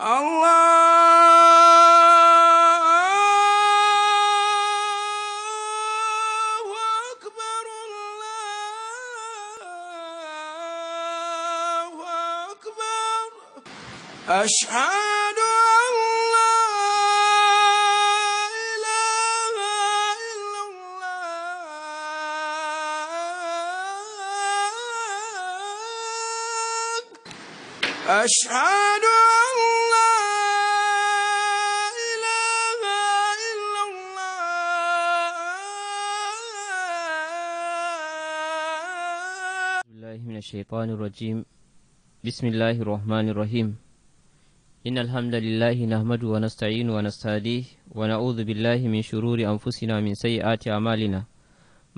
الله أكبر الله أكبر أشهد أن لا إله إلا الله أشهد الشيطان الرجيم بسم الله الرحمن الرحيم إن الحمد لله نحمد ونستعين ونستهديه ونعوذ بالله من شرور أنفسنا من سيئات أعمالنا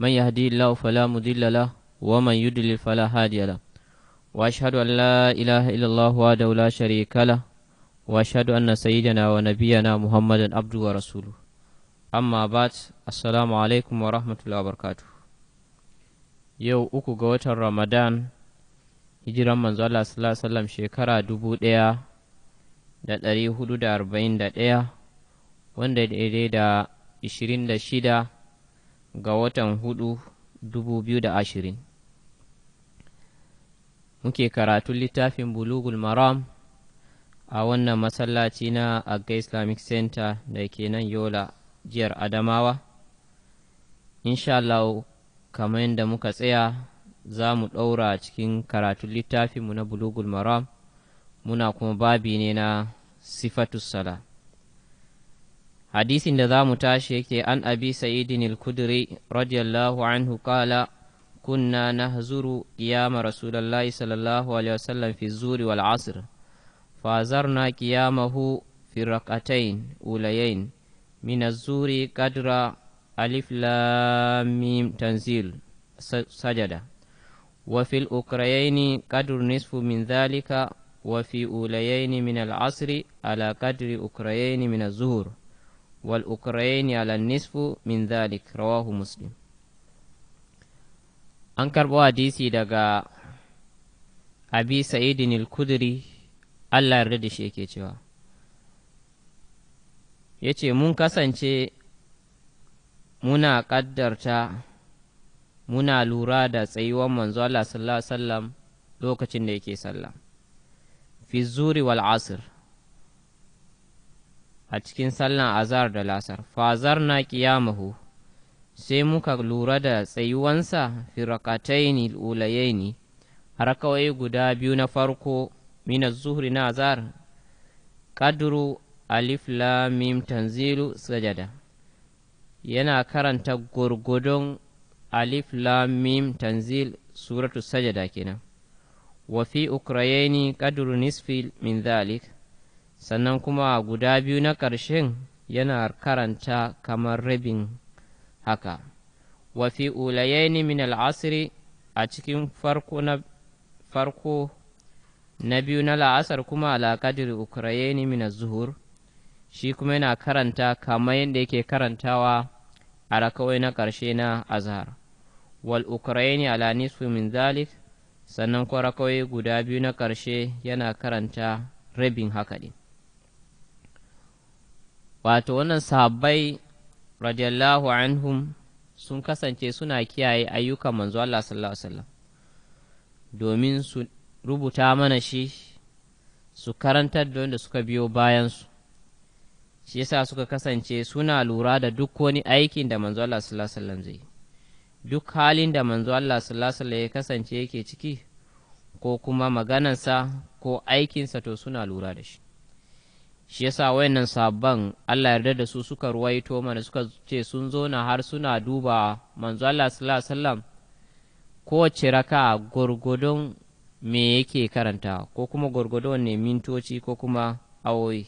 من يهدي الله فلا مضل له ومن يضلل فلا هادي له وأشهد أن لا إله إلا الله وحده لا شريك له وأشهد أن سيدنا ونبينا محمدا عبده ورسوله أما بعد السلام عليكم ورحمة الله وبركاته yau uku ga watan ramadan hijiran manzo Allah sallallahu alaihi wasallam shekara dubu ɗaya da ɗari hudu da arba'in da ɗaya wanda daidai da ishirin da shida ga watan hudu dubu biyu da ashirin muke karatun littafin bulugul maram a wannan masallaci na agga islamic center da ke nan yola jiyar adamawa insha Allah kamar yadda muka tsaya za mu ɗaura cikin karatun mu na bulugul maram muna kuma babi ne na sifatu sala hadisin da za mu tashi yake an abi sa'idin al-kudri radiyallahu anhu kala kunna nahzuru qiyama rasulullahi sallallahu alaihi wasallam fi zuri wal asr fazarna qiyamahu fi raqatayn ulayayn min az-zuri qadra alif lam mim tanzil sajada وفي الأكريين قدر نصف من ذلك وفي أوليين من العصر على قدر أكريين من الزهور والأكريين على النصف من ذلك رواه مسلم أنكر بواديسي hadisi أبي سعيد الكدري ألا kudri شيكي جوا da من yake cewa muna kaddarta muna lura da tsayuwar manzo Allah sallallahu alaihi wasallam lokacin da yake sallah fi zuri wal asr a cikin sallan azar da lasar fazar na ƙiyamahu sai muka lura da tsayuwansa rakataini ulayaini rakawai guda biyu na farko mina zuhri na azar kadru alif mim tanzilu sajada yana karanta gurgudun alif lam mim tanzil suratu sajada kenan wa fi ukrayeni qadru nisfi min dhalik sannan kuma guda biyu na ƙarshen yana karanta kamar rabin haka wa fi ulayeni min al'asiri a cikin farko na farko na biyu na la'asar kuma alaƙadir ukrayeni min zuhur shi kuma yana karanta kamar yadda yake karantawa a rakawai na ƙarshe na azhar wal ukraini ala nisfi min zalik sannan kwarakwai guda biyu na ƙarshe yana karanta rabin haka ne wato wannan sahabbai radiyallahu anhum sun kasance suna kiyaye ayyukan manzo Allah sallallahu alaihi wasallam domin su rubuta mana shi su karantar da wanda suka biyo bayansu shi yasa suka kasance suna lura da duk wani aikin da manzo Allah sallallahu alaihi wasallam zai yi duk halin da manzo Allah sallallahu ya kasance yake ciki ko kuma maganansa ko aikinsa to suna lura da shi shi yasa wayannan sabban Allah yarda da su suka ruwaito mana suka ce sun zo na har suna duba manzo Allah sallallahu alaihi wasallam kowace raka gurgudun me yake karanta ko kuma gurgudun ne mintoci ko kuma awoyi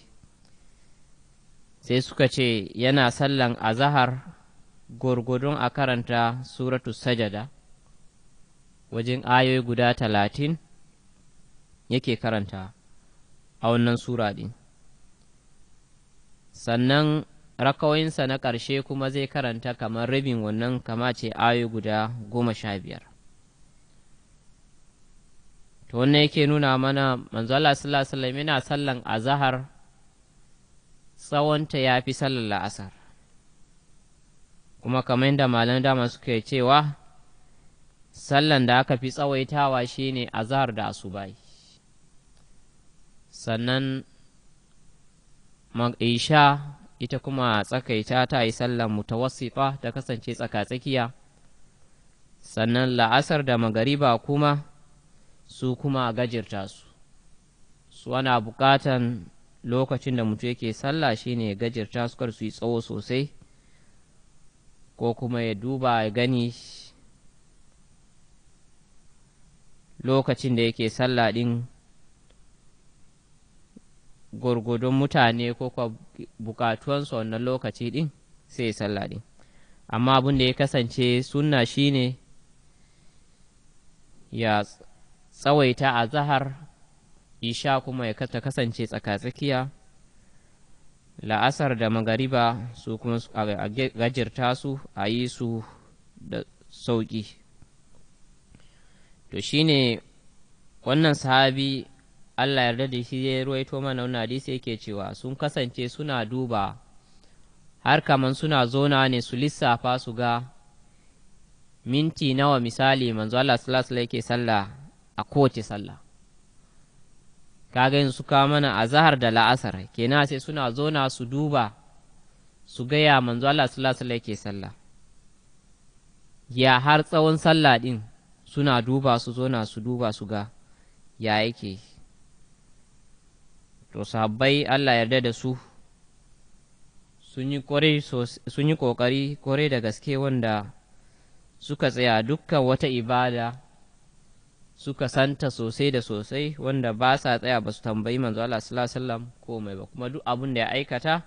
sai suka ce yana sallan azahar gwargwadon a karanta suratu sajada wajen ayoyi guda talatin yake karanta a wannan sura ɗin sannan rakawoyinsa na ƙarshe kuma zai karanta kamar rabin wannan kama ce ayoyi guda goma sha biyar to wannan yake nuna mana Allah sallallahu alaihi wasallam yana sallan azahar tsawonta ya fi sallar la'asar kuma kamar yadda malam dama suke cewa sallan da aka fi tsawaitawa shine azhar da asubai sannan isha ita kuma tsakaita ta yi sallan mutawassifa ta kasance tsakatsakiya sannan la'asar da magariba kuma su kuma a gajirta su su ana bukatan lokacin da mutu yake sallah shine gajirta su kar su yi tsawo sosai ko kuma ya duba ya gani lokacin da yake sallah ɗin gurgudun mutane ko kwa bukatuwansu wannan lokaci ɗin sai sallah ɗin amma abin da ya kasance sunna shine ya tsawaita a zahar isha kuma ya kasance tsakatsakiya la'asar da magariba su kuma a gajirta su a yi su da sauƙi to shi ne wannan sahabi Allah yarda da shi ya ruwaito mana wani hadisi yake cewa sun kasance suna duba har kamar suna zona ne su lissafa su ga minti nawa misali manzo Allah sallallahu alaihi yake sallah a kowace sallah kaga yanzu suka mana a zahar da la'asar kenan sai suna zona su duba su gaya manzo Allah sallallahu alaihi ke sallah ya har tsawon sallah din suna duba su zona su duba su ga ya yake to sabai Allah yarda da su sun yi ƙoƙari kore da gaske wanda suka tsaya dukkan wata ibada suka santa sosai da sosai wanda ba sa tsaya ba su tambayi manzo Allah sallallahu alaihi wasallam komai ba kuma duk abin da ya aikata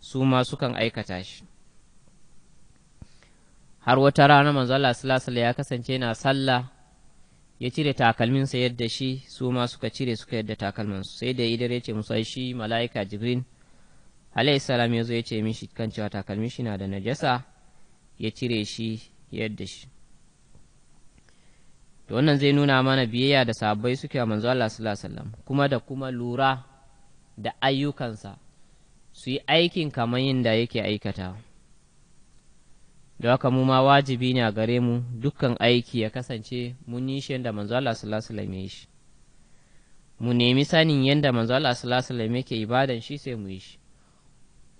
su ma sukan aikata shi har wata rana manzo Allah sallallahu alaihi ya kasance na sallah ya cire takalminsa yadda shi su ma suka cire suka yadda takalmin su sai da idar ya ce musu shi mala'ika jibrin alaihi salam ya zo ya ce mishi kan cewa takalmin shi na da najasa ya cire shi yadda shi To wannan zai nuna mana biyayya da sabbai suke wa manzo Allah sallallahu alaihi wasallam kuma da kuma lura da ayyukansa su yi aikin kamar yadda yake aikata da haka mu ma wajibi ne a gare mu dukkan aiki ya kasance mun yi shi yadda manzo Allah sallallahu alaihi wasallam ya shi mu nemi sanin yadda manzo Allah sallallahu alaihi wasallam yake ibadan shi sai mu yi shi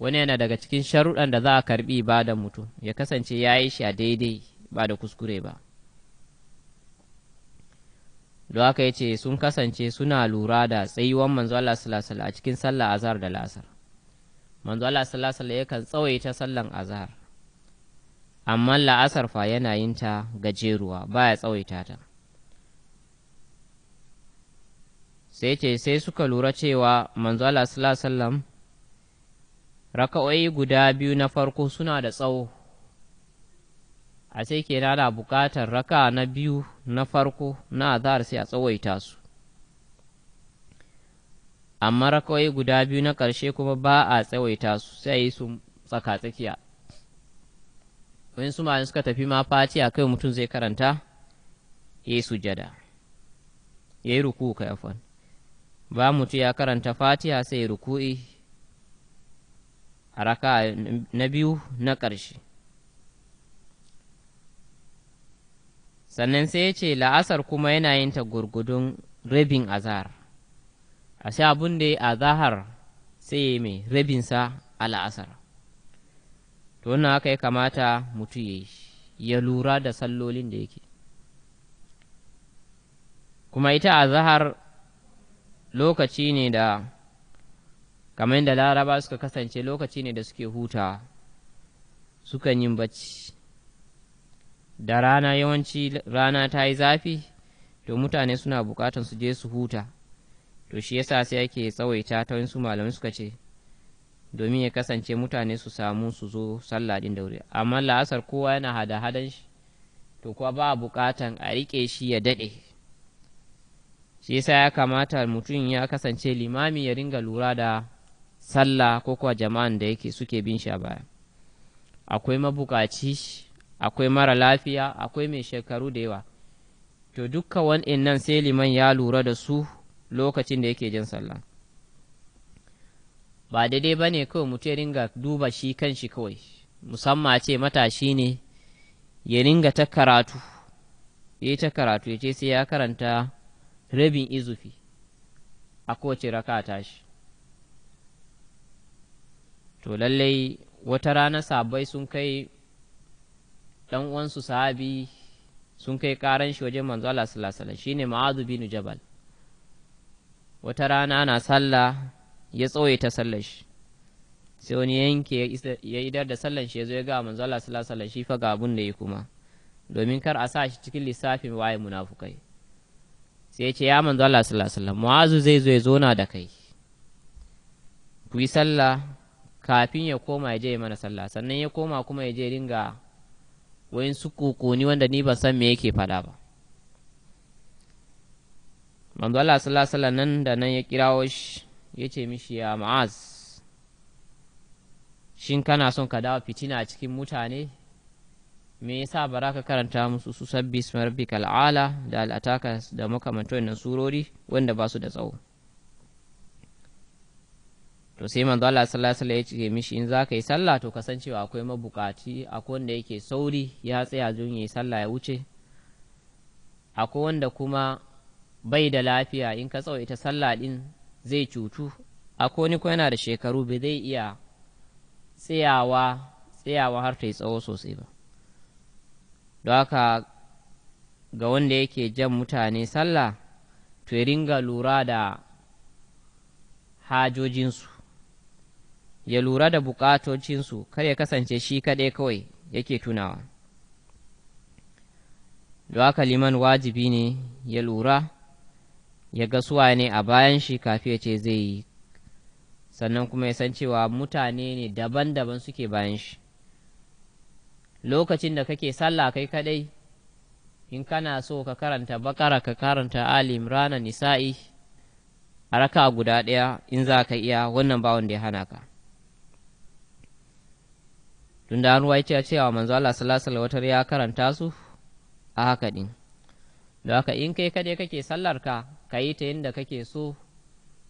wani yana daga cikin sharuɗan da za a karɓi ibadan mutum ya kasance ya yi shi a daidai ba da kuskure ba don aka sun kasance suna lura da tsayuwan manzo Allah sallallahu a cikin sallar azhar da lasar manzo Allah sallallahu alaihi yakan tsawaita sallan azhar amma la'asar fa yana yin ta gajeruwa baya tsawaita ta sai ce sai suka lura cewa manzo Allah sallallahu raka'o'i guda biyu na farko suna da tsawo a sai ke da buƙatar raka na biyu na farko na azar sai a tsawaita su amma rakawai guda biyu na ƙarshe kuma ba a tsawaita su sai yi su tsaka-tsakiya wani su malin suka tafi ma fati a kai mutum zai karanta ya yi sujada ya yi ruku ka yafon ba mutum ya karanta fatiha sai ruku'i a raka na biyu na ƙarshe sannan sai ya ce la'asar kuma yana yin ta gurgudun rabin azahar a sha abin da ya azahar sai ya mai rabinsa a la'asar to wannan haka ya kamata mutu ya ya lura da sallolin da yake kuma ita a zahar lokaci ne da kamar da laraba suka kasance lokaci ne da suke hutawa sukan yi bacci da rana yawanci rana ta yi zafi to mutane suna bukatan su je su huta to shi yasa sai ake tsawaita ta su malamai suka ce domin ya kasance mutane su samu su zo sallah din da wuri amma la'asar kowa yana hada hadan shi to kuwa ba bukatan a rike shi ya dade shi yasa ya kamata mutum ya kasance limami ya ringa lura da sallah ko kuwa jama'an da yake suke bin shi a baya akwai mabukaci akwai mara lafiya akwai mai shekaru da yawa to dukkan nan sai liman ya lura da su lokacin da yake jin sallah ba daidai ba ne kawai mutum ya ringa duba shi kan shi kawai musamman ce matashi ne ya ringa ta karatu ya ta karatu ya ce sai ya karanta rabin izufi a kowace raka tashi to lallai wata rana sabai sun kai dan uwansu sahabi sun kai karan shi wajen manzo Allah sallallahu alaihi shine Mu'adh bin Jabal wata rana ana sallah ya tsoye ta sallar shi sai wani yanke ya idar da sallar shi ya zo ya ga manzo Allah sallallahu alaihi shi fa ga abun da yi kuma domin kar a sa shi cikin lissafin waye munafukai sai ya ce ya manzo Allah sallallahu alaihi wasallam zai zo ya zona da kai ku yi sallah kafin ya koma ya je mana sallah sannan ya koma kuma ya je ringa wayin su kokoni wanda ni ban san me yake faɗa ba manzo Allah sallallahu alaihi nan da nan ya kirawo shi ya ce mishi ya ma'az shin kana son ka dawo fitina a cikin mutane me yasa bara ka karanta musu su sabbi ismi rabbikal ala da al'ataka da makamantoyin nan surori wanda ba su da tsawo to sai manzo Allah sallallahu alaihi wasallam ya ce mishi in zaka yi sallah to kasancewa akwai mabukaci akwai wanda yake sauri ya tsaya don yi sallah ya wuce akwai wanda kuma bai da lafiya in ka tsawo ita sallah din zai cutu akwai wani ko yana da shekaru bai zai iya tsayawa tsayawa har ta yi tsawo sosai ba don haka ga wanda yake jan mutane sallah to ya ringa lura da hajojinsu ya lura da bukatocinsu kar ya kasance shi kaɗai kawai yake tunawa da haka liman wajibi ne ya lura ya ga suwa ne a bayan shi kafin ya ce zai yi sannan kuma ya san cewa mutane ne daban-daban suke bayan shi lokacin da kake sallah kai kaɗai in kana so ka karanta bakara ka karanta alim rana nisa'i a raka guda ɗaya in za ka iya wannan ba da ya hana ka tun da an ruwaice cewa manzo Allah sallallahu wasallam ya karanta su a haka din da haka in kai kade kake sallar ka ka yi ta inda kake so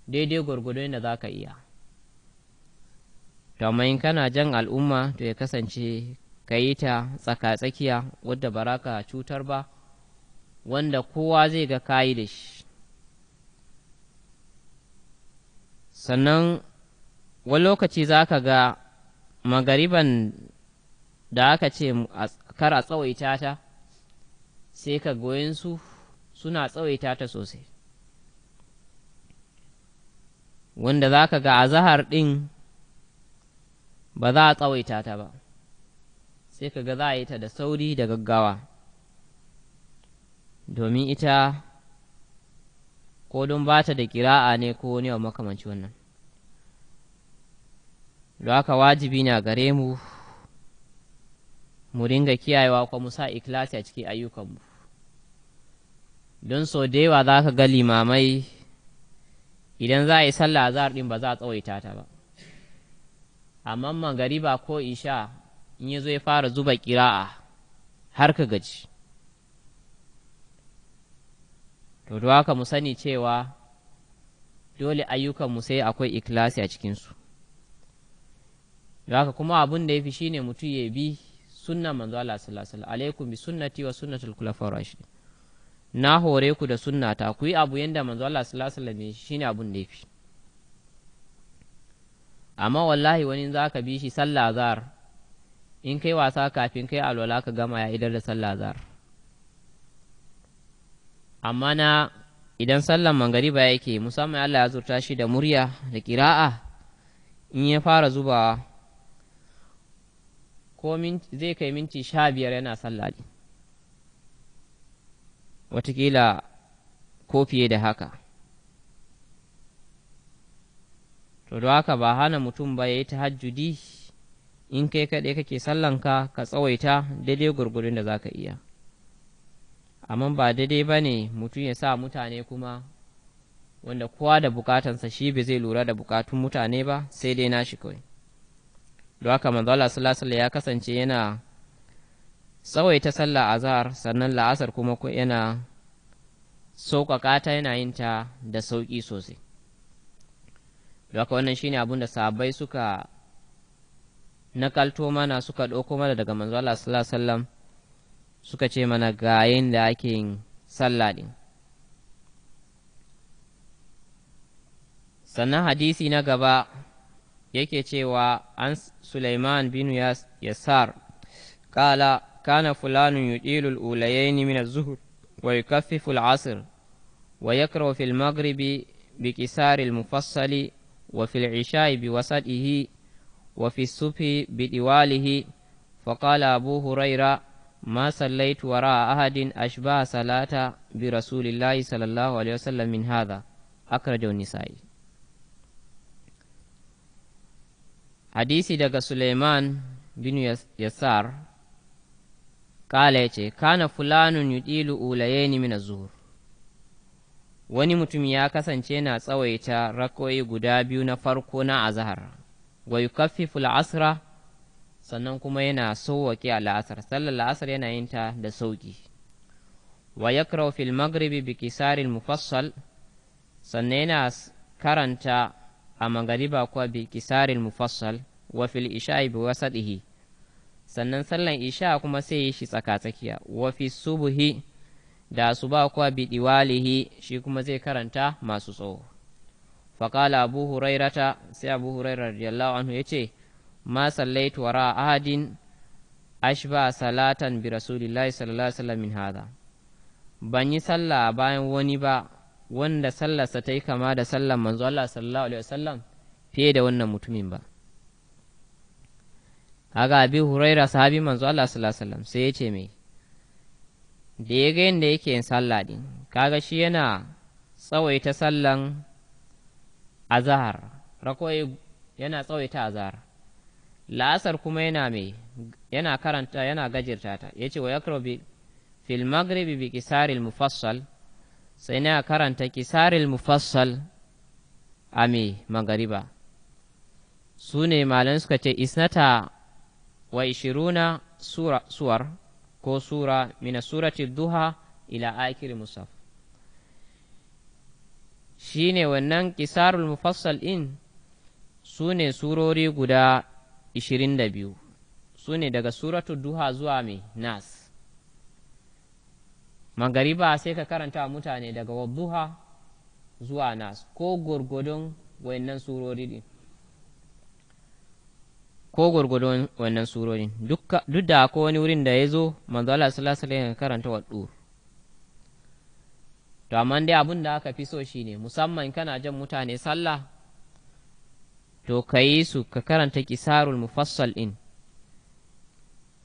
daidai gwargwado da zaka iya to amma in kana jan al'umma to ya kasance ka ta tsaka-tsakiya wadda baraka cutar ba wanda kowa zai ga kayi da shi sannan wani lokaci za ka ga magariban da aka ce kar a tsawaita ta sai ka su suna tsawaita ta sosai wanda za ka ga a zahar ɗin ba za a tsawaita ta ba sai ka ga za a yi ta da sauri da gaggawa domin ita ko don ba ta da kira'a ne ko wani abu makamanci wannan da haka wajibi na gare mu mu ringa kiyayewa kuma mu sa ikilasi a cikin ayyukanmu don so da yawa za ka ga limamai idan za a yi sallah za ɗin ba za a tsawaita ta ba amma magariba ko isha in ya zo ya fara zuba kira'a har ka gaji to da haka mu sani cewa dole ayyukanmu sai akwai ikilasi a cikinsu haka kuma abin da ya fi shine mutu ya bi sunna manzo Allah sallallahu alaihi alaikum bi sunnati wa sunnatul khulafa'ir rashidin na hore ku da sunnata ku yi abu yanda manzo Allah sallallahu alaihi wasallam shine abun da yafi amma wallahi wani za ka bi shi sallah zar in kai wasa kafin kai alwala ka gama ya idar da sallah zar amma na idan sallan mangariba yake musamman Allah ya zurta shi da murya da kira'a in ya fara zubawa ko zai kai minti sha biyar yana sallah ne watakila ko fiye da haka to da haka ba hana mutum ba ya yi tahajjudi in kai kaɗai kake sallanka ka tsawaita daidai gurgurin da za ka iya amma ba daidai ba ne mutum ya sa mutane kuma wanda kowa da bukatansa shi ba zai lura da bukatun mutane ba sai dai nashi kawai don haka manzo Allah sallallahu ya kasance yana ta sallah azhar sannan la'asar kuma yana sauƙaƙa ta yana yin ta da sauƙi sosai don haka wannan shine abin da sahabbai suka nakalto mana suka ɗauko mana daga manzo Allah sallallahu suka ce mana ga da ake yin sallah din sannan hadisi na gaba yake cewa an Sulaiman bin Yasar kala kana fulanun yudilul al-ulayayn min az-zuhr wa yukaffifu al-'asr wa yakrahu fi al-maghribi bi kisari al-mufassali wa fi al-'isha'i bi wasatihi wa fi as-subhi bi diwalihi فقال أبو هريرة ما صليت وراء أحد أشبه صلاة برسول الله صلى الله عليه وسلم من هذا أخرجه النسائي hadisi daga Suleiman bin Yasar kala ya ce, Kana fulanun yudilu ulayeni min zuhur. Wani mutum ya kasance na tsawaita rakoyi guda biyu na farko na azahar, wa yukaffifu asra sannan kuma yana sowwake a la'asar, sallar la'asar yana yin ta da sauƙi. Wa ya fil magribi biki sarin mufassal sannan yana karanta a magariba kuwa biki sarin mufassal wa fil isha'i bi wasadihi sannan sallan isha kuma sai shi tsaka-tsakiya. wa fi subuhi da asuba kuwa bi diwalihi shi kuma zai karanta masu tsoho. faƙala abu hurairata sai abu hurairar radiyallahu anhu ya ce ma sallaitu wara ahadin ashba salatan bi rasulillahi sallallahu alaihi min hada ban yi sallah bayan wani ba wanda sallarsa ta yi kama da sallar manzo Allah sallallahu alaihi wasallam fiye da wannan mutumin ba haka abi huraira sahabi manzo Allah sallallahu alaihi wasallam sai ya ce mai da ya ga yadda yake yin sallah din kaga shi yana tsawaita sallan azhar rakoyi yana tsawaita azhar la'asar kuma yana mai yana karanta yana gajirta ta yace wa yakrobi fil maghribi bi kisaril mufassal sai na karanta kisaril mufassal a mai magariba su ne malan suka ce isnata wa ishiruna sura suwar ko sura mina duha ila akiri musaf shi ne wannan kisarul mufassal in su ne surori guda ishirin da biyu su ne daga suratu duha zuwa mai nas magariba sai ka karanta mutane daga duha zuwa nas ko gurgudun wayannan surori din ko gwargwado wannan surorin duk da ko wani wurin da ya zo manzo Allah sallallahu alaihi karanta waddur to amma dai abin da aka fi so shine musamman kana jan mutane sallah to ka su ka karanta kisarul mufassal in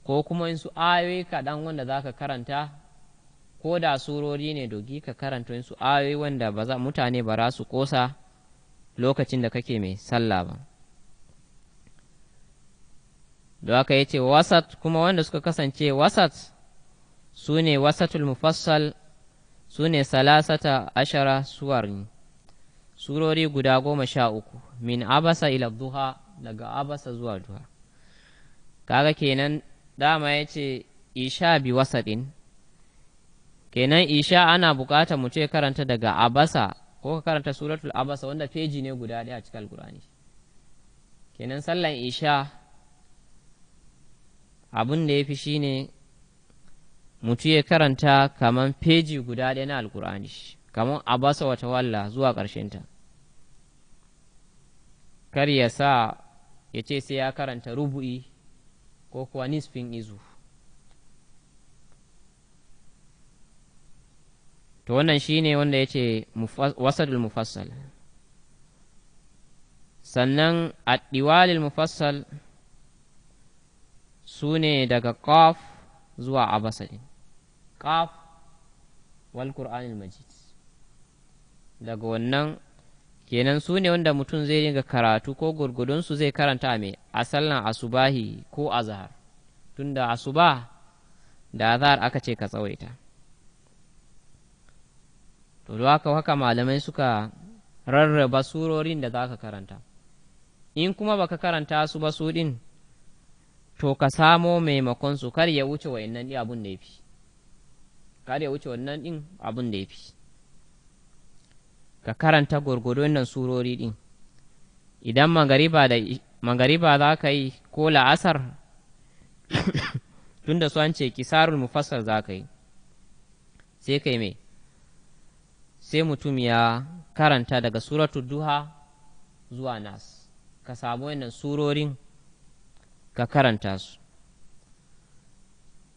ko kuma in su ayoyi kaɗan wanda za ka karanta ko da surori ne dogi ka karanta in su ayoyi wanda mutane ba za su kosa lokacin da kake mai sallah ba. da aka yi ce wasat kuma wanda suka kasance wasat su ne wasatul mufassal su ne salasata ashara suwarni surori guda goma sha uku min abasa ila duha daga abasa zuwa duha kaga kenan dama ya ce isha bi wasadin kenan isha ana bukata mu ce karanta daga abasa ko ka karanta suratul abasa wanda feji ne guda ɗaya a cikin alkurani kenan sallan isha abin da ya fi shi ne mutu ya karanta kaman feji guda ɗaya na alkur'ani kaman a basa wata walla zuwa ƙarshenta kar ya sa ya ce sai ya karanta rubu'i ko kuwa nisfin izu to wannan shi ne wanda ya ce wasadul mufassal sannan a mufassal su ne daga qaf zuwa abasa ɗin qaf wal qur'anil majid daga wannan kenan su ne wanda mutum zai dinga karatu ko gurgudunsu zai karanta mai a sallan asubahi ko azhar tunda asuba da azhar aka ce ka tsawaita to da haka haka malamai suka rarraba surorin da za ka karanta in kuma baka karanta su ba su din to ka samo maimakon su kar ya wuce wa'annan ɗin abun da ya fi kar ya wuce wannan ɗin abun da ya fi ka karanta gwargwadon nan surori ɗin idan magariba da magariba za ka yi ko la'asar tunda su an ce kisarul mufassar za ka yi sai kai mai sai mutum ya karanta daga suratul duha zuwa nas ka samu wannan surorin ka karanta su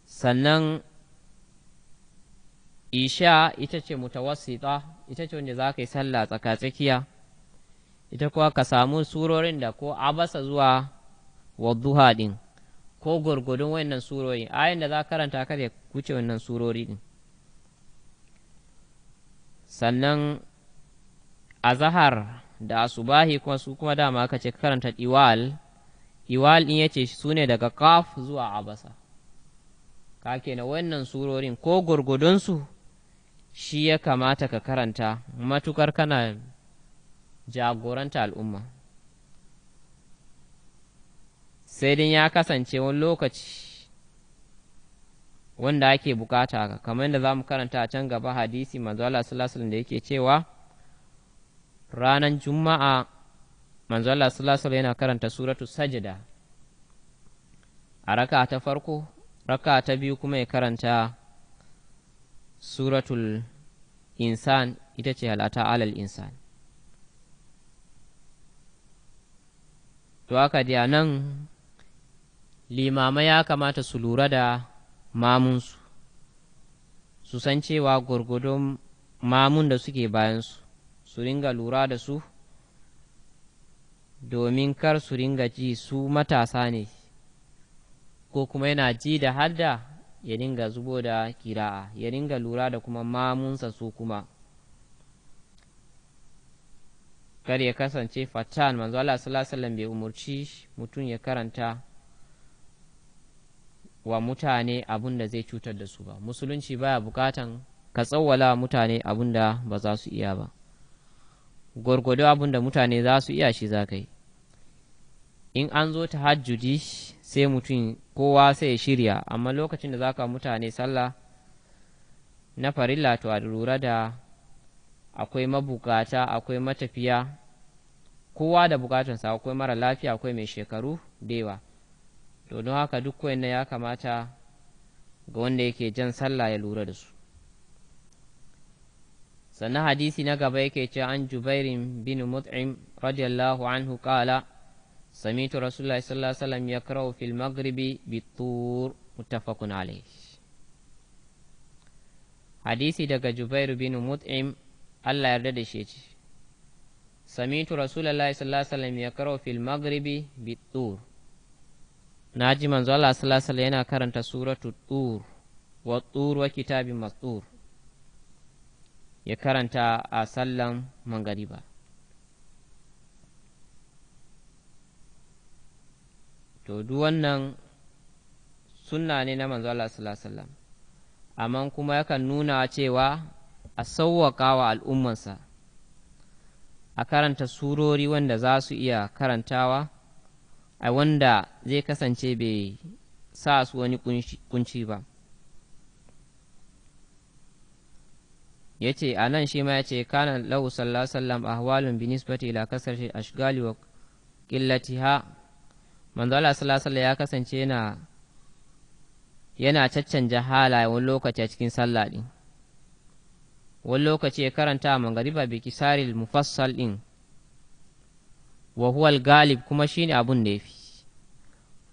sannan isha ita ce mutawassita ita ce wanda za ka yi sallah tsakatsakiya ita kuwa ka samu surorin da ko abasa zuwa wadduha ɗin ko gurgudun wannan surori ayin da za karanta kada ya wuce wannan surori din sannan zahar da asubahi kuma su kuma dama ka ce karanta diwal iwal in yace su sune daga kaf zuwa abasa ka kenan wannan surorin ko su shi ya kamata ka karanta matukar kana jagoranta al'umma sai dai ya kasance wani lokaci wanda ake bukata kamar yadda za mu karanta a can gaba hadisi manzo Allah sallallahu alaihi da yake cewa ranar juma'a manzo Allah sallallahu alaihi yana karanta suratu sajda a raka ta farko raka ta biyu kuma ya karanta suratul insan ita ce halata alal insan to haka da nan limamai ya kamata su lura da mamunsu su san cewa gwargwadon mamun da suke bayansu su ringa lura da su domin kar su ringa ji su matasa ne ko kuma yana ji da hadda ya ringa zubo da kira'a ya ringa lura da kuma mamunsa su kuma kar ya kasance fatan manzo Allah sallallahu alaihi bai umurci mutum ya karanta wa mutane abunda zai cutar da su ba musulunci baya bukatan ka tsawwala mutane abunda ba za su iya ba gwargwado abin da mutane za su iya shi za kai in an zo ta hajjudi sai mutum kowa sai shirya amma lokacin da za ka mutane sallah na farilla to a lura da akwai mabukata akwai matafiya kowa da bukatunsa akwai mara lafiya akwai mai shekaru dewa to don haka duk ya kamata ga wanda yake jan sallah ya lura da su sannan hadisi na gaba yake ce an jubairin bin mut'im radiyallahu anhu kala samitu rasulullahi sallallahu alaihi wasallam yakrahu fil maghribi bitur muttafaqun alayh hadisi daga jubairu bin mut'im Allah yarda da shi ce samitu rasulullahi sallallahu alaihi wasallam yakrahu fil maghribi bitur naji manzo Allah sallallahu alaihi wasallam yana karanta suratu tur wa tur wa kitabin mastur ya karanta a sallan mangariba to duk wannan sunna ne na manzo Allah sallallahu amma kuma yakan nuna cewa a sauwaƙa wa al'ummansa a karanta surori wanda za su iya karantawa a wanda zai kasance bai sa su wani kunci ba ya ce a nan shi ma ya ce kana lahu sallallahu sallam ahwalun bi nisbati ila kasar ashgali wa qillatiha manzo Allah sallallahu ya kasance yana yana caccanja halaye wani lokaci a cikin sallah din wani lokaci ya karanta mangariba bi kisaril mufassal din wa huwa galib kuma shine abun da yafi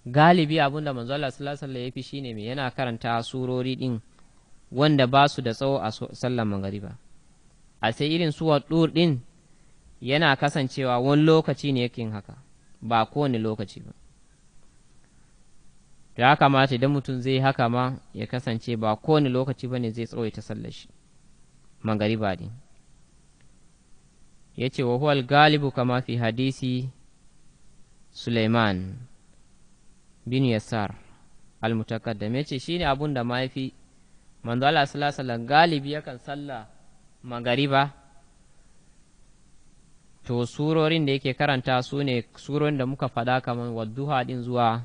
galibi abun da manzo Allah sallallahu alaihi wasallam yafi shine me yana karanta surori din wanda ba su da tsawo a sallar magariba a sai irin suwa ɗur ɗin yana kasancewa wani lokaci ne yake haka ba kowane lokaci ba ya kamata idan mutum zai haka ma ya kasance ba kowane lokaci ba ne zai ta sallar shi magariba ne ya ce wa huwal galibu kama fi hadisi suleiman bin yasar al-mutakaddam ya ce shine abun da mafi. manzo Allah sallallahu alaihi galibi yakan sallah magariba to surorin da yake karanta su ne surorin da muka fada kaman wadduha din zuwa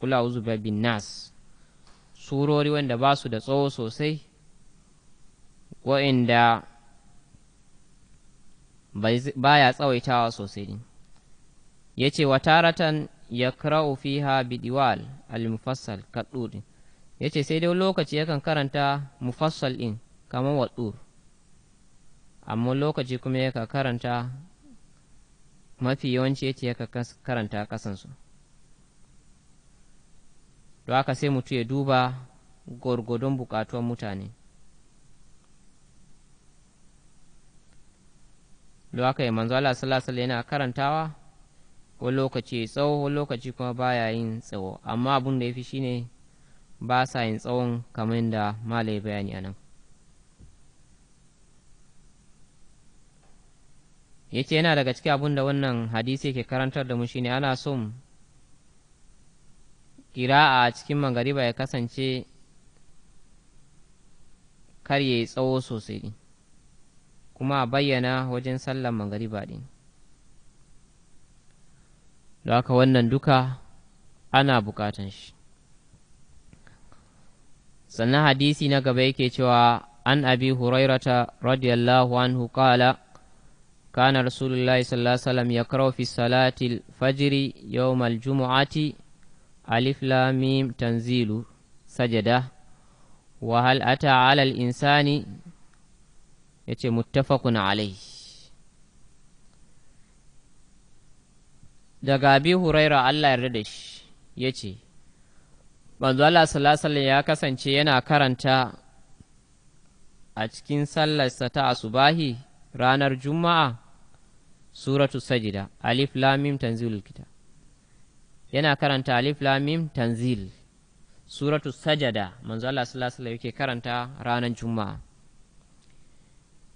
kula uzu bin nas surori wanda ba su da tsawo sosai wa'inda baya tsawaitawa sosai din yace wataratan yakra'u fiha bidiwal al-mufassal kadudin ya ce sai dai lokaci yakan karanta mufassal ɗin kamar watsur amma lokaci kuma ya karanta mafi yawanci ce ya karanta kasansu to haka sai mutu ya duba gwargwadon buƙatuwar mutane da haka ya manzo Allah yana karantawa wani lokaci tsawo wani lokaci kuma baya yin tsawo amma abin da ya fi shine ba sa yin tsawon kamar yadda malai bayani a nan ya yana daga cikin abin da wannan hadisi ke karantar da mu shine ana son kira a cikin magariba ya kasance kar ya tsawo sosai kuma a bayyana wajen sallan mangariba ɗin da haka wannan duka ana bukatan shi sannan hadisi na gaba yake cewa an abi hurairata radiyallahu anhu kala kana rasulullahi sallallahu alaihi wasallam yaqra fi salati al-fajr alif lam mim sajada wa hal ata ala al-insani yace muttafaqun alayhi daga abi huraira Allah yarda da shi yace manzo Allah sallallahu ya kasance yana karanta a cikin sallarsa ta asubahi ranar juma'a suratu sajida alif mim tanzilul kitab yana karanta alif mim tanzil suratu sajada manzo Allah sallallahu alaihi yake karanta ranar juma'a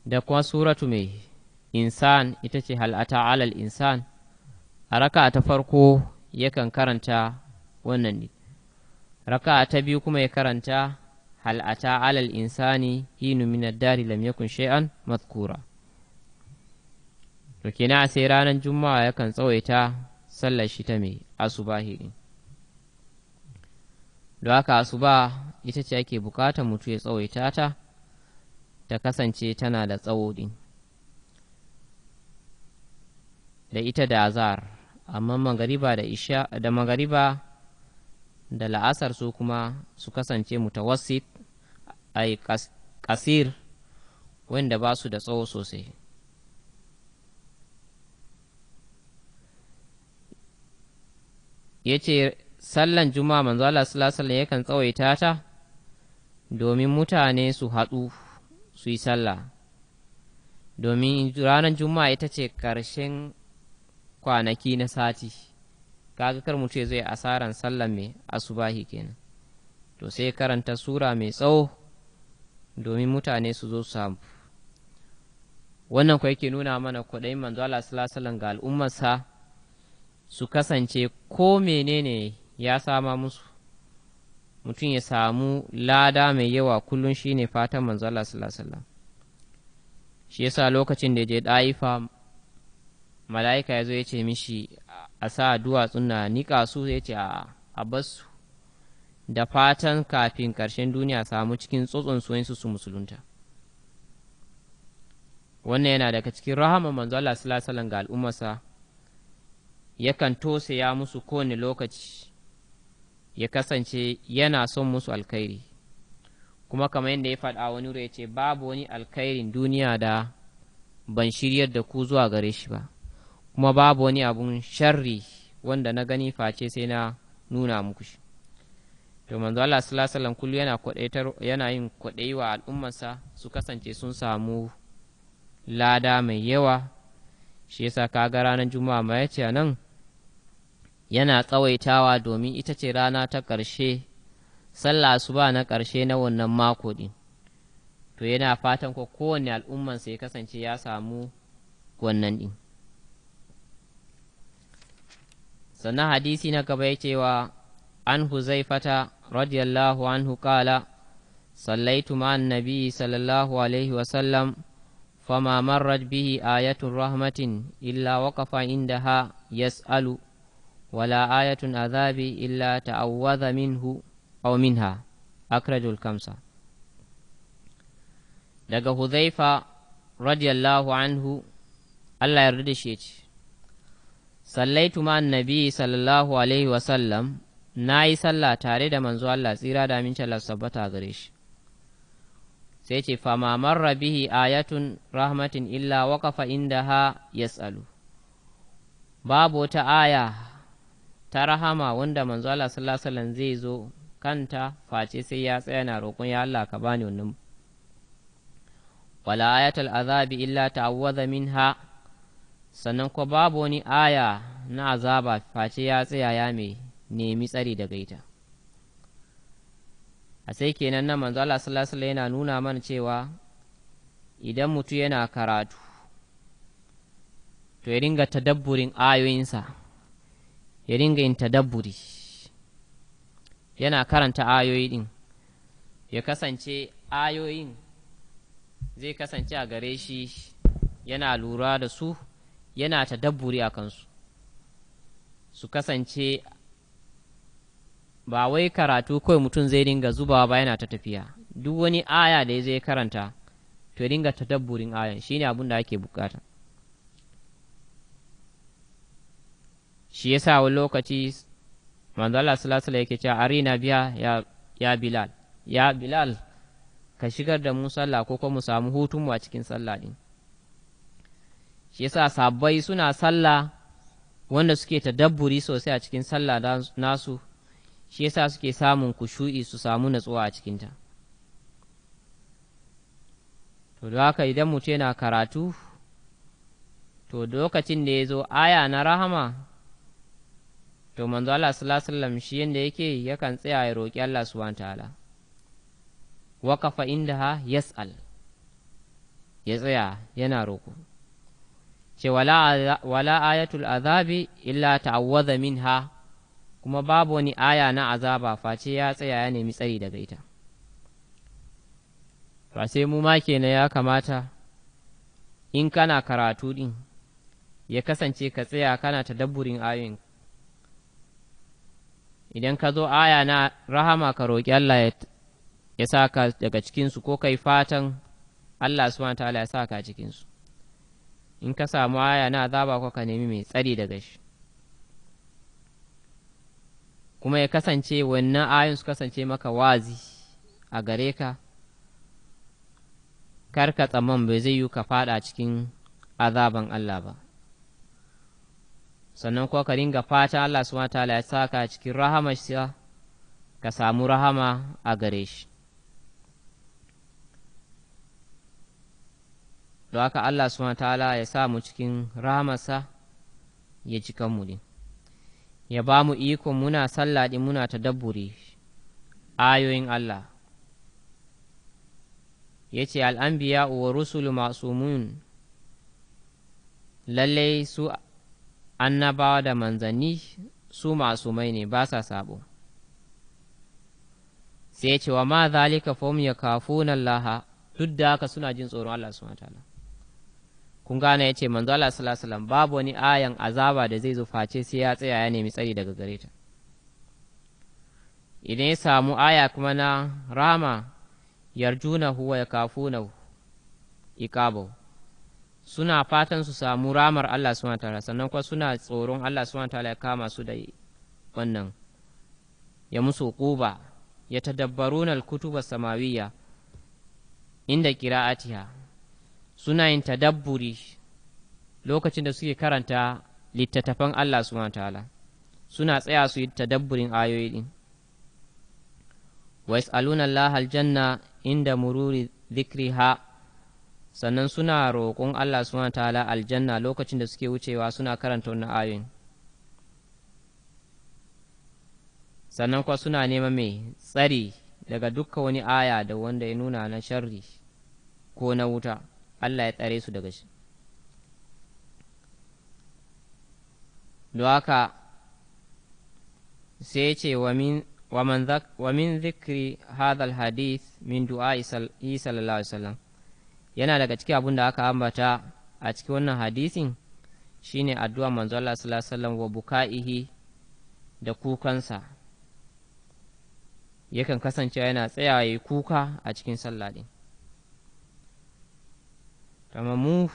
da kuma suratu mai insan ita ce hal'ata alal insan a raka ta farko yakan karanta wannan raka'a ta biyu kuma ya karanta hal'ata alal insani hinu minar dari lam yakun shay'an to kina sai ranar juma'a yakan tsawaita sallar shi ta mai asubahi Da don haka asuba ita ce ake bukatar mutu ya tsawaita ta ta kasance tana da tsawo din da ita da azar amma magariba da isha da magariba da la'asar su kuma su kasance mutawassit ai kasir wanda ba su da tsawo sosai ya ce sallan juma'a manzo Allah sallallahu yakan tsawaita ta domin mutane su haɗu su yi sallah domin ranar juma'a ita ce ƙarshen kwanaki na sati kaga kar mu ce zai asaran Sallah mai asubahi kenan to sai karanta sura mai tsawo domin mutane su zo samu wannan kwa yake nuna mana kwaɗayin manzo Allah sallallahu ga al'ummarsa su kasance ko menene ya sama musu mutum ya samu lada mai yawa kullum shine fatan manzo Allah sallallahu shi yasa lokacin da je ɗaifa mala'ika ya zo ya ce mishi a sa duwatsun na niƙa su ya ce a basu da fatan kafin ƙarshen duniya samu cikin tsotson suwansu su musulunta wannan yana daga cikin rahama manzo Allah sallallahu ga al'ummarsa yakan tosaya musu kowane lokaci ya kasance yana son musu alkhairi kuma kamar yadda ya faɗa wani ya ce babu wani alkhairin duniya da ban shiryar da ku zuwa gare shi ba kuma babu wani abun sharri wanda na gani face sai na nuna muku shi to manzo Allah sallallahu alaihi kullu yana kwadaitar yana yin kwadai wa al'ummarsa su kasance sun samu lada mai yawa shi yasa ga ranar juma'a mai yace nan yana tsawaitawa domin ita ce rana ta ƙarshe sallah asuba na ƙarshe na wannan mako din to yana fatan ko kowane al'ummansa ya kasance ya samu wannan din sannan hadisi na gaba ya cewa an huzaifata radiyallahu anhu kala sallaitu ma'an nabi sallallahu alaihi wasallam fama marrat bihi ayatun rahmatin illa waqafa inda ha yas'alu wala ayatun azabi illa ta'awwadha minhu aw minha kamsa daga huzaifa radiyallahu anhu Allah ya da shi ya ce sallaitu ma annabi sallallahu alaihi wasallam na yi sallah tare da manzo Allah tsira da min Allah sabbata gare shi sai ce fama marra bihi ayatun rahmatin illa waqafa indaha yas'alu babu wata aya ta rahama wanda manzo Allah sallallahu alaihi wasallam zai zo kanta face sai ya tsaya na roƙon ya Allah ka bani wannan wala ayatul azabi illa ta'awwadha minha sannan kuwa babu wani aya na azaba face ya tsaya ya mai nemi tsari da gaita. a sai kenan na manzo Allah sallallahu alaihi yana nuna mana cewa idan mutum yana karatu to ya ringa tadabburin ayoyinsa ya ringa yin tadabburi yana karanta ayoyi din ya kasance ayoyin zai kasance a gare shi yana lura da su yana ta dabburi a kansu su kasance ba wai karatu kawai mutum zai dinga zubawa ba yana ta tafiya duk wani aya da ya zai karanta to ya dinga ta dabburin ayan shine abin da ake bukata shi ya sa wani lokaci manzala Allah yake cewa na biya ya Bilal ya Bilal ka shigar da mu sallah ko kuma mu samu hutun a cikin sallah din shi yasa sabbai suna sallah wanda suke ta dabburi sosai a cikin sallah nasu shi yasa suke samun kushu'i su samu natsuwa a cikinta to da haka idan mutum yana karatu to lokacin da ya zo aya na rahama to manzo Allah sallallahu alaihi wasallam shi yanda yake yakan tsaya ya roki Allah subhanahu ta'ala waqafa indaha yas'al ya tsaya yana roko ce wala ayatul azabi illa ta'awwaza ha, kuma babu wani aya na azaba face ya tsaya ya nemi tsari daga ita ba sai mu ma na ya kamata in kana karatu din ya kasance ka tsaya kana tadabburin ayoyin idan ka zo aya na rahama ka roƙi Allah ya sa ka daga cikinsu ko kai fatan Allah subhanahu wa ta'ala ya sa ka cikinsu in ka samu aya na azaba ko ka nemi mai tsari daga shi kuma ya kasance wannan ayin su kasance maka wazi a gare ka karka tsamman bai zai yi ka fada cikin azaban Allah ba sannan ko ka ringa fata Allah subhanahu mata ya saka cikin rahama ka samu rahama a gare shi don haka Allah subhanahu ta'ala ya sa mu cikin ramasa ya cika mu din ya ba mu iko muna sallah muna ta dabburi ayoyin Allah ya yace al'ambiya wa rusulu mun lallai su annabawa da manzanni su masu mai ne ba sa sabo sai ce wa ma zalika fom ya kafuna laha duk da haka suna jin tsoron Allah su wataala kun gane ya ce manzo Allah sallallahu alaihi wasallam babu wani ayan azaba da zai zo face sai ya tsaya ya nemi tsari daga gare ta idan ya samu aya kuma na rama yarjunahu wa yakafunahu ikabo suna fatan su samu ramar Allah subhanahu wataala sannan kuma suna tsoron Allah subhanahu wataala ya kama su da wannan ya musu ya yatadabbaruna al-kutuba samawiyya inda qira'atiha suna yin tadabburi lokacin da suke karanta littattafan Allah su ta'ala suna tsaya su yi tadabburin ayoyi din wa yas'aluna Allah aljanna inda mururi ha sannan suna roƙon Allah su ta'ala aljanna lokacin da suke wucewa suna karanta wannan ayoyin sannan kuwa suna neman mai tsari daga duka wani aya da wanda ya nuna na sharri ko na wuta Allah ya tsare su daga shi duwaka sai ce wa min zikri hadal hadith min du'a sallallahu alaihi yana daga ciki abin da aka ambata a cikin wannan hadisin shine addu'a manzo Allah sallallahu alaihi wasallam wa buka'ihi da kukansa yakan kasancewa yana tsayawa kuka a cikin sallah din kama mu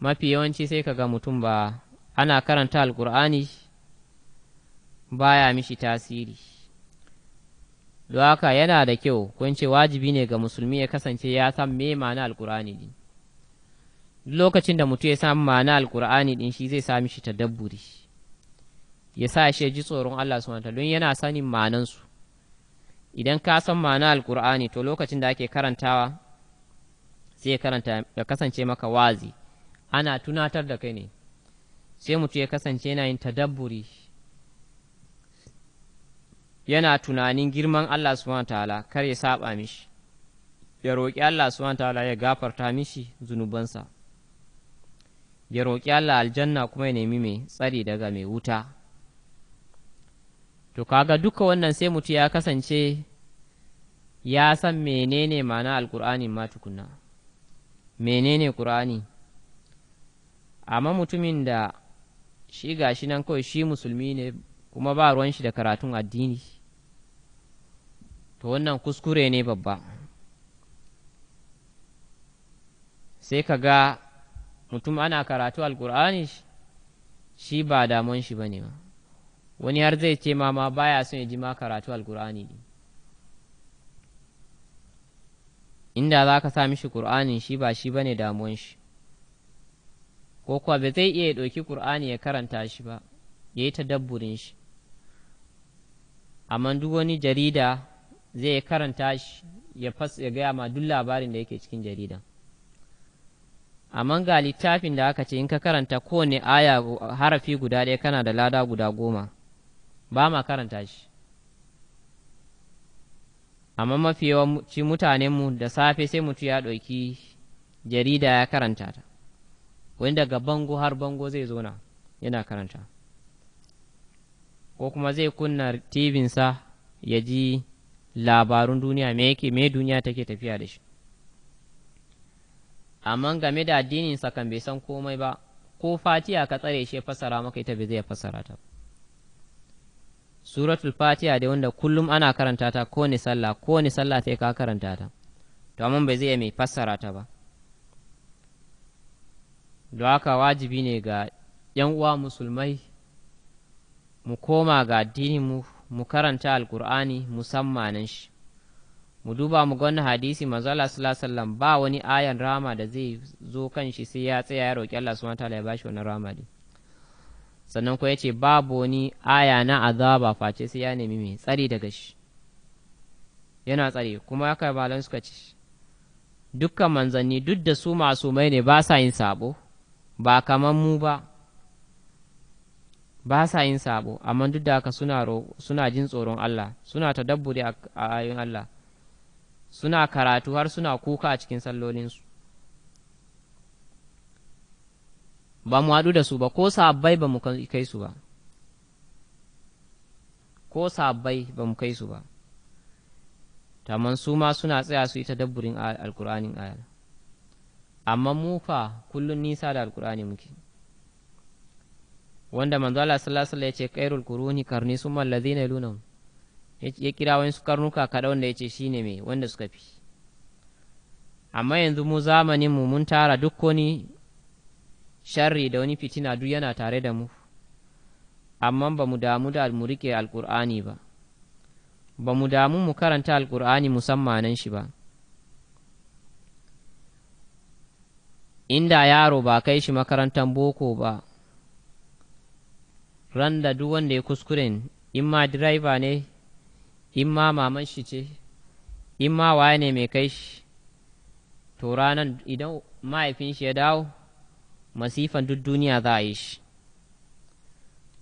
mafi yawanci sai ka ga mutum ba ana karanta alkur'ani baya mishi tasiri don haka yana da kyau ko ce wajibi ne ga musulmi ya kasance ya san me ma'ana alkur'ani din lokacin da mutum ya san ma'ana alkur'ani din shi zai sa mishi dabburi ya sa shi ji tsoron Allah su wanta don yana sanin ma'anansu idan ka san ma'ana alkur'ani to lokacin da ake karantawa sai ya karanta ya kasance maka wazi ana tunatar da kai ne sai mutum ya kasance yana yin tadabburi yana tunanin girman Allah subhanahu ta'ala kar ya saba mishi ya roƙi Allah subhanahu ta'ala ya gafarta mishi zunubansa ya roƙi Allah aljanna kuma ya nemi mai tsari daga mai wuta to kaga duka wannan sai mutum ya kasance ya san menene ma'ana alkur'ani ma tukunna menene ƙur'ani amma mutumin da shi gashi nan kawai shi musulmi ne kuma ba ruwan shi da karatun addini to wannan kuskure ne babba sai ka ga mutum ana karatu alkur'ani shi ba damuwan shi ba ne wani har zai ce ma ma baya son ya ji ma karatu alkur'ani ne inda za ka sa mishi ƙur'anin shi ba shi bane damuwan shi ko kuwa ba zai iya ɗauki ƙur'ani ya karanta shi ba ya yi dabburin shi amma duk wani jarida zai karanta shi ya gaya ma duk labarin da yake cikin jaridan amma ga littafin da aka ce in ka karanta kowane aya harafi guda ɗaya kana da lada guda goma ba ma karanta shi amma mafi yawanci mutanenmu da safe sai mutu ya ɗauki jarida ya karanta ta wani daga bango har bango zai zona yana karanta ko kuma zai kunna tibinsa ya ji labarun duniya me yake me duniya take tafiya da shi amma game da addininsa kan bai san komai ba ko fatiya ka tsare shi ya fassara maka ita bai zai fassara ta ba suratul fatiha dai wanda kullum ana karanta ta kowane sallah kowane sallah sai ka karanta ta to amma bai zai mai fassara ta ba don haka wajibi ne ga yan uwa musulmai mu koma ga addini mu mu karanta alkur'ani musammanin shi mu duba mu ga hadisi manzo Allah sallallahu alaihi ba wani ayan rama da zai zo kan shi sai ya tsaya ya roki Allah subhanahu ta'ala ya bashi wannan rama din sannan ko yace babu wani aya na azaba face sai ya nemi mai tsari daga shi yana tsare kuma haka balon suka ce dukkan manzanni duk da su masu mai ne ba sa yin sabo ba kaman mu ba ba sa yin sabo amma duk da haka suna suna jin tsoron Allah suna tadabburi a ayoyin Allah suna karatu har suna kuka a cikin sallolinsu ba mu haɗu da su ba ko sabbai ba mu kai su ba ko sabbai ba mu kai su ba taman su ma suna tsaya su yi dabburin alkur'anin ayar amma mu fa kullun nisa da alkur'ani muke wanda manzo Allah sallallahu alaihi wasallam ce khairul quruni karni summa alladhina yalunhum ya kira wani su karnuka kada wanda yace shine me wanda suka fi amma yanzu mu zamanin mu mun tara duk koni sharri da wani fitina duk yana tare da mu amma ba mu damu da mu riƙe alƙur'ani ba ba mu damu mu karanta alƙur'ani musammanin shi ba inda yaro ba kai shi makarantar boko ba ran da duk wanda ya kuskuren in ma direba ne in ma maman shi ce in ma waye ne mai kai shi to ranar idan mahaifin shi ya dawo masifan duk duniya za a yi shi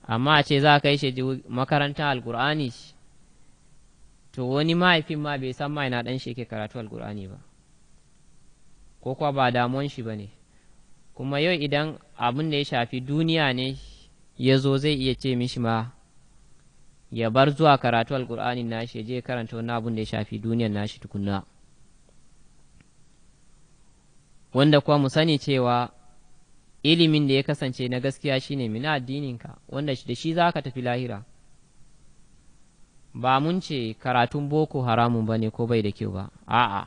amma a ce za ka yi shi makarantar alkur'ani to wani mahaifin ma bai san ma yana ɗan shi ke karatu alkur'ani ba ko kuwa ba damuwan shi ba ne kuma yau idan abin da ya shafi duniya ne ya zo zai iya ce mishi ma ya bar zuwa karatu alkur'ani ya je karanta wani abin da ya shafi duniyan nashi tukunna wanda kuwa mu sani cewa ilimin da ya kasance na gaskiya shine mina addininka wanda da shi za ka tafi lahira ba mun ce karatun boko haramun ba ne ko bai da kyau ba a'a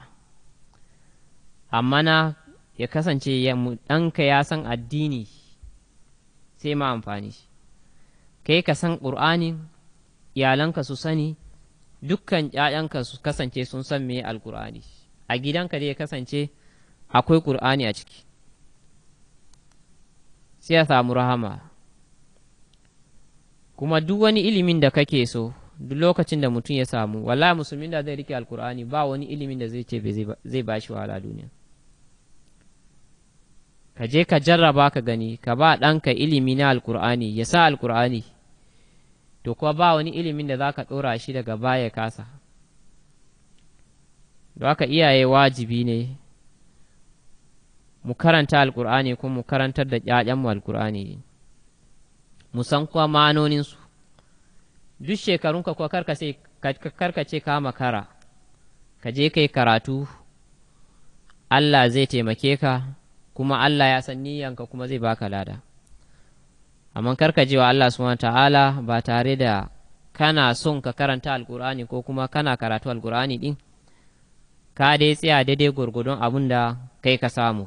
amma na ya kasance ɗanka ya san addini sai ma amfani kai ka san ƙur'ani iyalanka su sani dukkan ‘ya'yanka su kasance sun san me alƙur'ani a gidanka dai ya kasance akwai ƙur'ani a ciki sai ya samu rahama kuma duk wani ilimin da kake so duk lokacin da mutum ya samu wala musulmin da zai rike alkur'ani ba wani ilimin da zai ce zai ba shi wahala duniya ka je ka jarraba ka gani ka ba ɗanka ilimi na alkur'ani ya sa alkur'ani to kuwa ba wani ilimin da za ka ɗora shi daga baya kasa don haka iyaye wajibi ne mu karanta alkur'ani ko mu karantar da ƴaƴanmu alkur'ani mu san kuwa ma'anoninsu duk shekarunka kuwa karka ce ka makara ka je kai karatu Allah zai taimake ka kuma Allah ya san niyyanka kuma zai baka lada amma karka je wa Allah subhanahu ta'ala ba tare da kana son ka karanta alkur'ani ko kuma kana karatu alkur'ani din ka dai tsaya daidai gurgudun abun da kai ka samu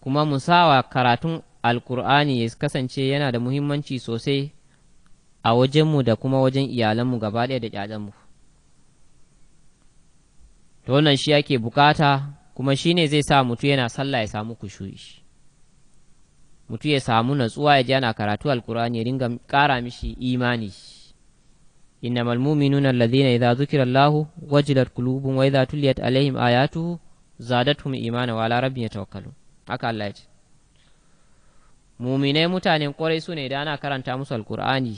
kuma musawa karatun alkur'ani ya kasance yana da muhimmanci sosai a wajenmu da kuma wajen iyalanmu gaba ɗaya da ƙyalanmu to wannan shi ake bukata kuma shi ne zai sa mutu yana sallah ya samu kushuyi mutu ya samu natsuwa ya ji ana karatu alkur'ani ya ringa ƙara mishi imani إنما المؤمنون الذين إذا ذكر الله وجلت قلوبهم وإذا تليت عليهم آياته زادتهم إيمانا وعلى ya يتوكلون haka Allah ya ce muminai mutanen kwarai su ne da ana karanta musu alkur'ani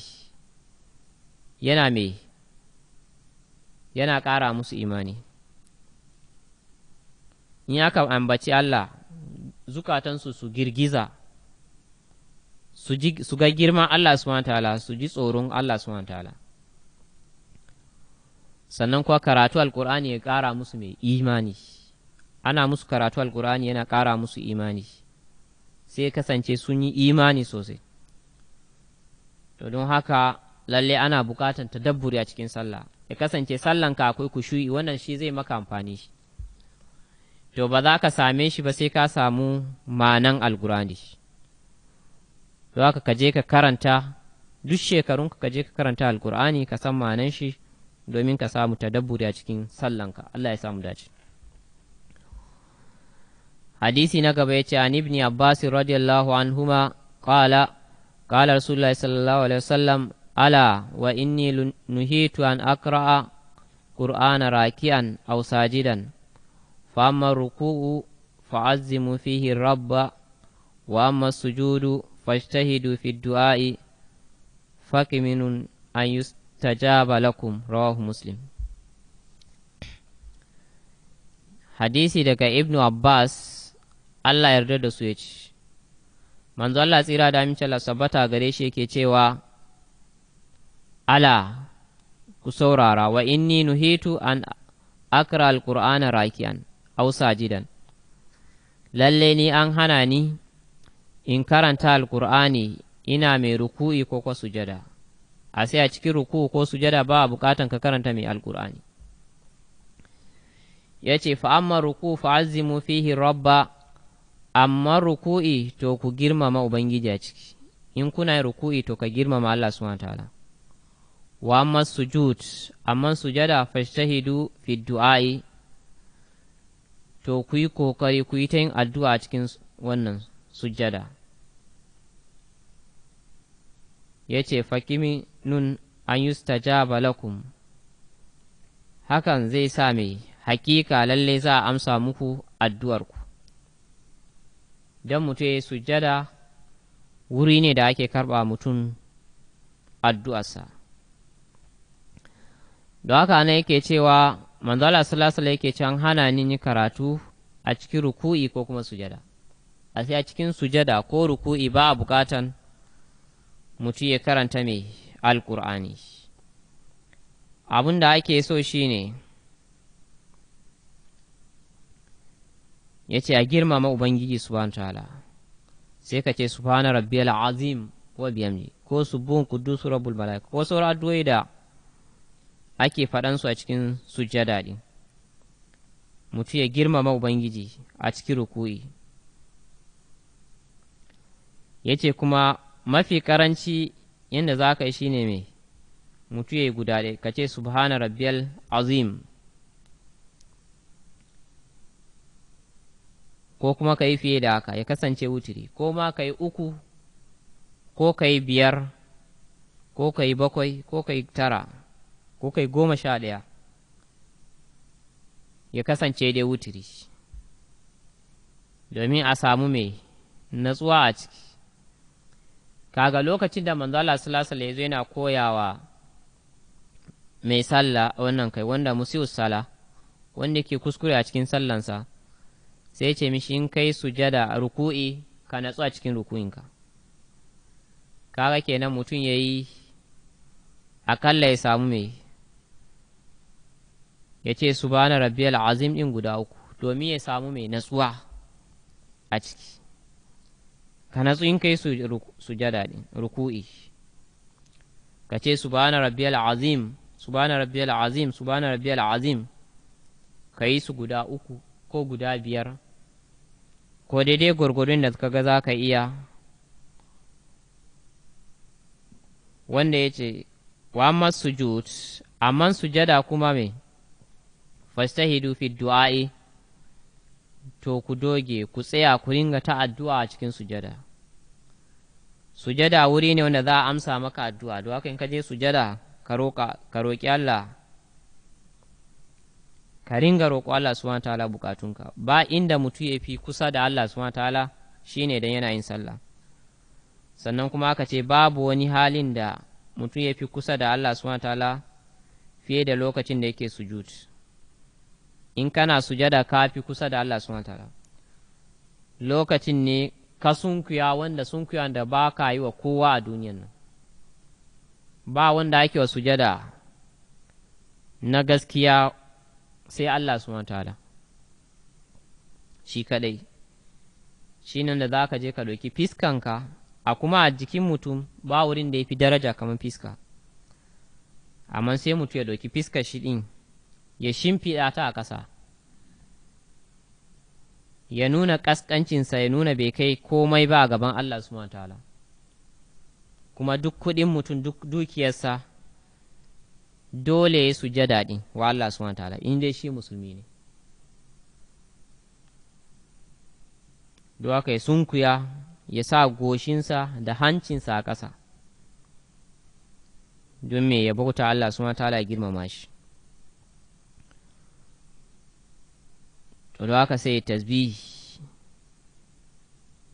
yana me yana ƙara musu imani in aka ambaci Allah zukatansu su girgiza su ga girman Allah su ta'ala su ji tsoron Allah su ta'ala sannan kuwa karatu alkur'ani ya ƙara musu mai imani ana musu karatu alkur'ani yana ƙara musu imani sai kasance sun yi imani sosai to don haka lalle ana bukatan dabburi a cikin sallah ya kasance sallanka akwai kushuyi wannan shi zai maka amfani to ba za ka same shi ba sai ka samu manan alkur'ani to haka ka je ka karanta duk shekarun ka je ka karanta alkur'ani ka san manan shi domin ka samu ta dabburi a cikin sallanka Allah ya samu dace hadisi na gaba ya ce an ibni abbas radiyallahu anhuma qala qala rasulullahi sallallahu alaihi wasallam ala wa inni nuhitu an akra'a qur'ana raki'an aw sajidan fa amma ruku'u fa'azzimu fihi rabba wa amma sujudu fajtahidu fi du'a'i faqiminun an yustajaba lakum rawahu muslim hadisi daga ibnu abbas Allah yarda da su ya ci manzo Allah tsira da amince Allah sabbata gare shi yake cewa ala ku saurara wa inni nuhitu an akra alqur'ana rakiyan aw sajidan lalle ni an hana ni in karanta alqur'ani ina mai ruku'i ko ko sujada a sai a cikin ruku'u ko sujada ba a bukatan ka karanta mai alqur'ani ya ce fa'amma ruku fa'azimu fihi rabba amma ruku'i to ku girmama ubangiji a ciki in kuna yin ruku'i to ka girmama Allah subhanahu ta'ala wa amma sujud amma sujada fashtahidu fi du'a'i to ku yi kokari ku yi ta yin addu'a a cikin wannan sujada ya ce fakimi nun an yustajaba lakum hakan zai sa mai hakika lalle za a amsa muku addu'arku don mutum ya yi sujjada wuri ne da ake karɓa mutum addu'arsa don haka ana yake cewa manzala salasala yake can hana ni yi karatu a cikin ruku'i ko kuma sujada a sai a cikin sujada ko ruku'i ba a bukatan mutum ya karanta mai alkur'ani abin da ake so shine ne ya ce a girmama ubangiji subhanahu ta'ala sai ka ce subhana rabbiyal azim wa biyamji ko subhun quddus rabbul malaika ko sauran addu'o'i da ake faɗan su a cikin sujjada din mutum ya girmama ubangiji a cikin ruku'i ya ce kuma mafi karanci yadda za ka yi shine mai mutum ya yi guda ɗaya ka ce subhana rabbiyal azim ko kuma ka yi fiye da haka ya kasance wutiri ko ma ka yi uku ko ka yi biyar ko ka yi bakwai ko ka yi tara ko ka yi goma sha ɗaya ya kasance dai wutiri domin a samu mai natsuwa a ciki kaga lokacin da manzala salasala ya zo yana koyawa mai sallah wannan kai wanda musiyus sala wanda ke kuskure a cikin sallansa sai ce mishi in kai sujada a ruku'i ka natsu a cikin ruku'inka kaga kenan mutum ya yi akalla ya samu mai ya ce subhana rabbiyal azim ɗin guda uku domin ya samu mai natsuwa a ciki ka natsu in kai sujada ɗin ruku'i ka ce su subhana rabbiyal azim subhana rabbiyal azim subhana rabbiyal azim ka yi su guda uku ko guda biyar ko daidai gwargwadon da ga za ka iya wanda ya ce wa masu sujud amma sujada kuma me fastahidu fi du'a'i to ku doge ku tsaya ku ringa ta addu'a a cikin sujada sujada wuri ne wanda za a amsa maka addu'a don haka in ka je sujada ka roƙi Allah ka ringa roƙo Allah subhanahu ta'ala bukatunka ba inda mutum ya fi kusa da Allah subhanahu ta'ala shine dan yana yin sallah sannan kuma aka ce babu wani halin da mutum ya fi kusa da Allah subhanahu ta'ala fiye da lokacin da yake sujud in kana sujada ka fi kusa da Allah subhanahu ta'ala lokacin ne ka sunkuya wanda sunkuya da ba ka yi wa kowa a duniyan nan ba wanda ake wa sujada na gaskiya sai Allah su ta'ala shi kadai shi nan da za ka je ka ɗauki fiskanka a kuma a jikin mutum ba wurin da ya fi daraja kamar fiska amma sai mutum ya ɗauki fiskar shi ɗin ya shimfiɗa ta a ƙasa ya nuna ƙasƙancinsa ya nuna bai kai komai ba a gaban Allah su ta'ala kuma duk kuɗin mutum duk dukiyarsa dole ya sujada daɗi wa Allah su ta'ala in dai shi musulmi ne don haka ya sunkuya ya sa goshinsa da hancinsa a ƙasa don me ya bauta Allah subhanahu ta'ala ya girmama shi to ka haka sai tasbihi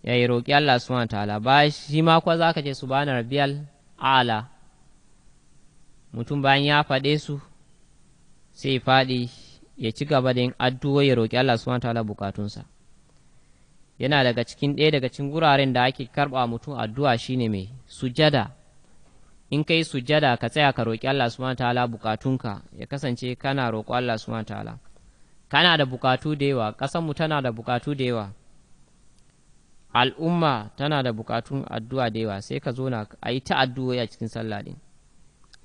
ya yi roƙi Allah subhanahu ta'ala ba shi ma kwa za ka ce su na rabbiyal ala mutum bayan ya faɗe su sai ya faɗi ya ci gaba da yin addu'o ya roƙi Allah subhanahu ta'ala bukatunsa yana daga cikin ɗaya daga cikin guraren da ake karɓa mutum addu'a shine mai sujada in kai sujada ka tsaya ka roƙi Allah subhanahu ta'ala bukatunka ya kasance kana roƙo Allah subhanahu ta'ala kana da bukatu da yawa ƙasar mu tana da bukatu da yawa al'umma tana da bukatun addu'a da yawa sai ka zo na a yi ta addu'o'i a cikin sallah din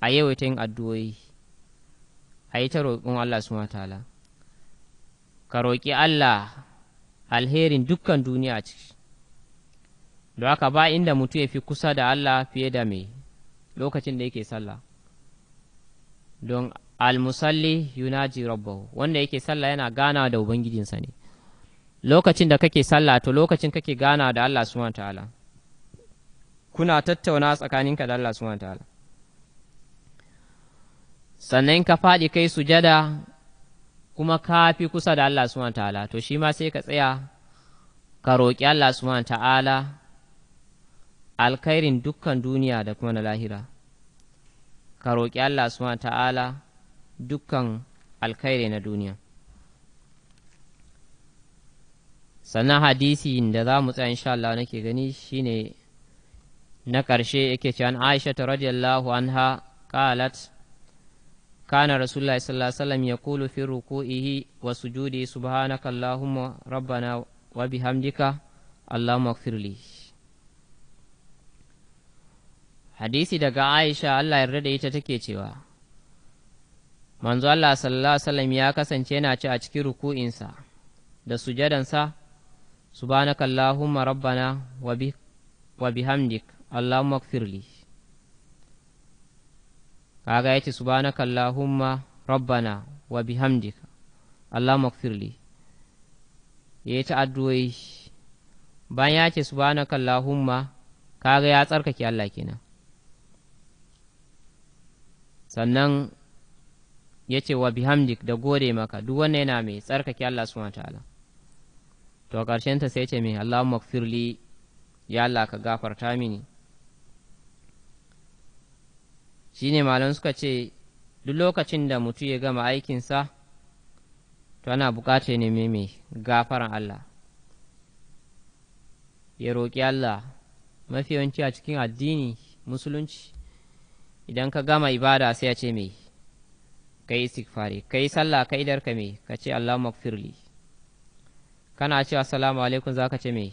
a yawaita yin addu'o'i a yi ta roƙon Allah su ta'ala ka roƙi Allah alherin dukkan duniya ciki da haka ba inda mutum ya fi kusa da Allah fiye da mai lokacin da yake sallah don almusalli yunaji rabbahu wanda yake sallah yana gana da ubangijinsa ne lokacin da kake sallah to lokacin kake gana da Allah su ta'ala kuna tattauna tsakaninka da Allah su ta'ala sannan ka faɗi kai sujada kuma ka fi kusa da Allah subhanahu ta'ala to shi ma sai ka tsaya ka roƙi Allah subhanahu ta'ala alkhairin dukkan duniya da kuma na lahira ka roƙi Allah subhanahu ta'ala dukkan alkhairi na duniya sannan hadisi da za mu tsaya insha Allah nake gani shine na ƙarshe yake cewa Aisha radiyallahu ha qalat كان رسول الله صلى الله عليه وسلم يقول في ركوعه وسجوده سبحانك اللهم ربنا وبحمدك اللهم hadisi daga Aisha Allah yarda da ita take cewa manzo Allah sallallahu ya kasance yana ci a cikin ruku'insa da sujadansa subhanakallahumma rabbana wa bihamdik allahumma ighfirli kaga yace subhanaka allahumma rabbana wa bihamdika allahumma ighfirli yayi ta addu'o'i bayan yace subhanaka allahumma kaga ya tsarkake Allah kenan sannan yace wa bihamdik da gode maka duk wannan yana mai tsarkake Allah subhanahu ta'ala to karshen ta sai ce mai Allahumma ighfirli ya Allah ka gafarta mini shi ne malam suka ce duk lokacin da mutum ya gama aikinsa to ana ya nemi mai gafaran Allah ya roƙi Allah mafi yawanci a cikin addini musulunci idan ka gama ibada sai ya ce mai ka yi istighfari ka yi sallah ka idar ka mai ka ce Allah makfirli kana cewa salamu alaikum za ka ce mai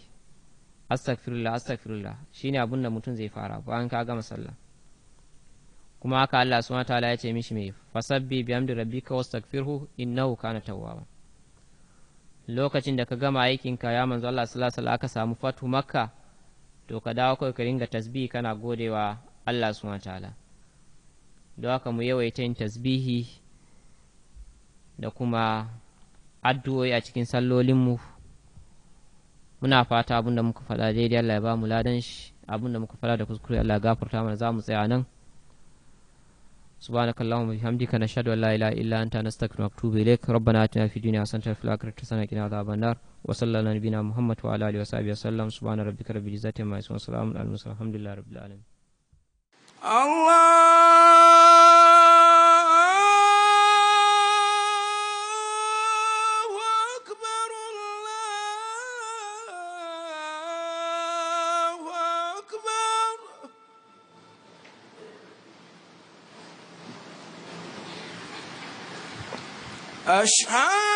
astagfirullah astagfirullah shi abin da mutum zai fara bayan ka gama sallah kuma haka Allah subhanahu wataala ya ce mishi mai fasabbi bihamdi rabbika wastaghfirhu innahu kana tawwaba lokacin da ka gama aikin ka ya manzo Allah sallallahu alaihi aka samu fatu makka to ka dawo kai ka ringa tasbihi kana godewa Allah subhanahu wataala don haka mu yawaita yin tasbihi da kuma addu'o'i a cikin sallolinmu muna fata abin da muka faɗa daidai Allah ya ba mu ladan shi abin da muka faɗa da kuskure Allah ya gafarta mana za mu tsaya nan سبحانك اللهم وبحمدك نشهد ان لا اله الا انت نستغفرك ونتوب اليك ربنا اتنا في الدنيا حسنه وفي الاخره حسنه وقنا عذاب النار وصلى على نبينا محمد وعلى اله وصحبه وسلم سبحان ربك رب العزه عما يصفون وسلام على المرسلين الحمد لله رب العالمين الله أشحاب